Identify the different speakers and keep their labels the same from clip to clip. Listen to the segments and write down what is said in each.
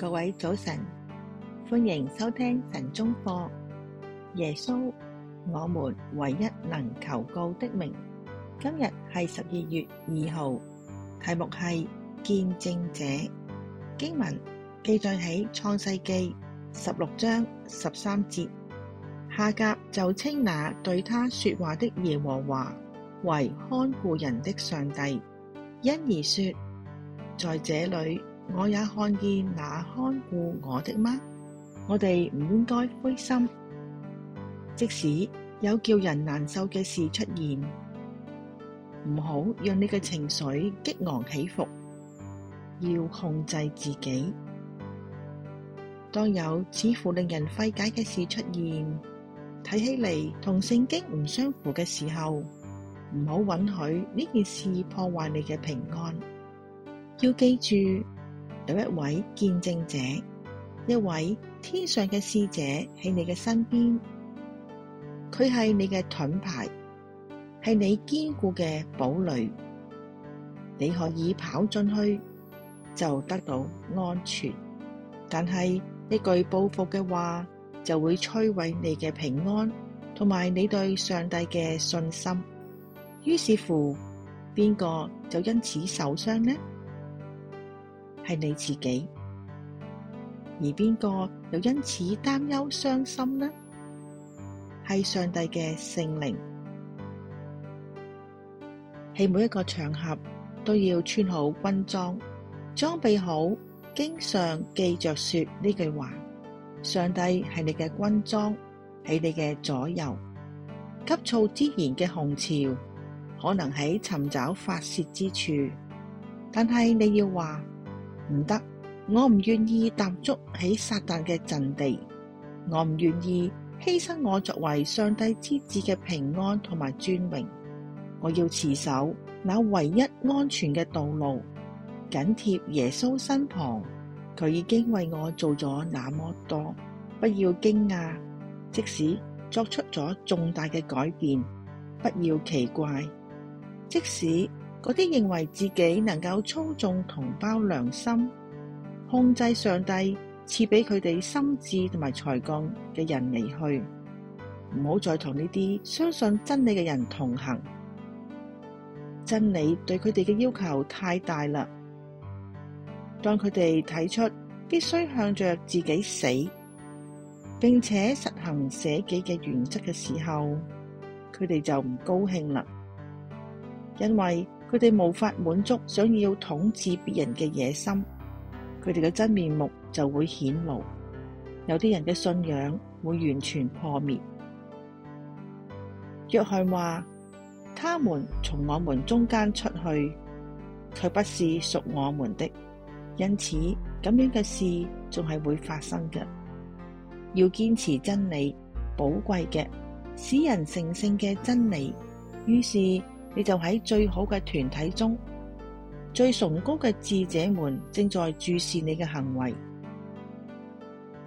Speaker 1: 各位早晨，歡迎收聽晨鐘課。耶穌，我們唯一能求告的名。今日係十二月二號，題目係見證者。經文記載喺創世記十六章十三節，夏甲就稱那對他說話的耶和華為看顧人的上帝，因而說，在這裏。我也看見那看顧我的嗎？我哋唔應該灰心，即使有叫人難受嘅事出現，唔好讓你嘅情緒激昂起伏，要控制自己。當有似乎令人費解嘅事出現，睇起嚟同聖經唔相符嘅時候，唔好允許呢件事破壞你嘅平安。要記住。有一位見證者，一位天上嘅使者喺你嘅身邊，佢係你嘅盾牌，係你堅固嘅堡壘，你可以跑進去就得到安全。但係一句報復嘅話，就會摧毀你嘅平安，同埋你對上帝嘅信心。於是乎，邊個就因此受傷呢？係你自己，而邊個又因此擔憂傷心呢？係上帝嘅聖靈。喺每一個場合都要穿好軍裝，裝備好，經常記着說呢句話：上帝係你嘅軍裝，喺你嘅左右。急躁之言嘅洪潮可能喺尋找發洩之處，但係你要話。唔得，我唔願意踏足喺撒旦嘅陣地，我唔願意犧牲我作為上帝之子嘅平安同埋尊榮。我要持守那唯一安全嘅道路，緊貼耶穌身旁。佢已經為我做咗那麼多，不要驚訝，即使作出咗重大嘅改變，不要奇怪，即使。嗰啲認為自己能夠操縱同胞良心、控制上帝賜俾佢哋心智同埋才幹嘅人離去，唔好再同呢啲相信真理嘅人同行。真理對佢哋嘅要求太大啦。當佢哋睇出必須向着自己死，並且實行捨己嘅原則嘅時候，佢哋就唔高興啦，因為佢哋無法滿足想要統治別人嘅野心，佢哋嘅真面目就會顯露，有啲人嘅信仰會完全破滅。約翰話：他們從我們中間出去，佢不是屬我們的，因此咁樣嘅事仲係會發生嘅。要堅持真理，寶貴嘅使人成聖嘅真理，於是。你就喺最好嘅團體中，最崇高嘅智者們正在注視你嘅行為。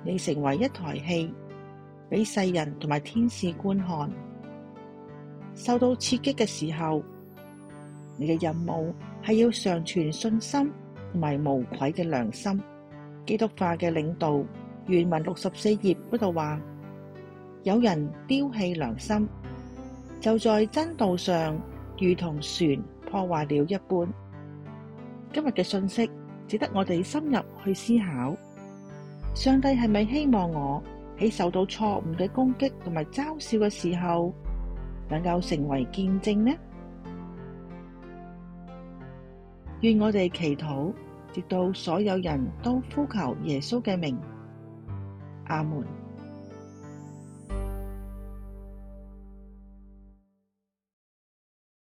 Speaker 1: 你成為一台戲，俾世人同埋天使觀看。受到刺激嘅時候，你嘅任務係要常存信心同埋無愧嘅良心。基督化嘅領導原文六十四頁嗰度話：有人丟棄良心，就在真道上如同船破壞了一般。今日嘅信息值得我哋深入去思考。上帝係咪希望我喺受到錯誤嘅攻擊同埋嘲笑嘅時候，能夠成為見證呢？願我哋祈禱，直到所有人都呼求耶穌嘅名。阿門。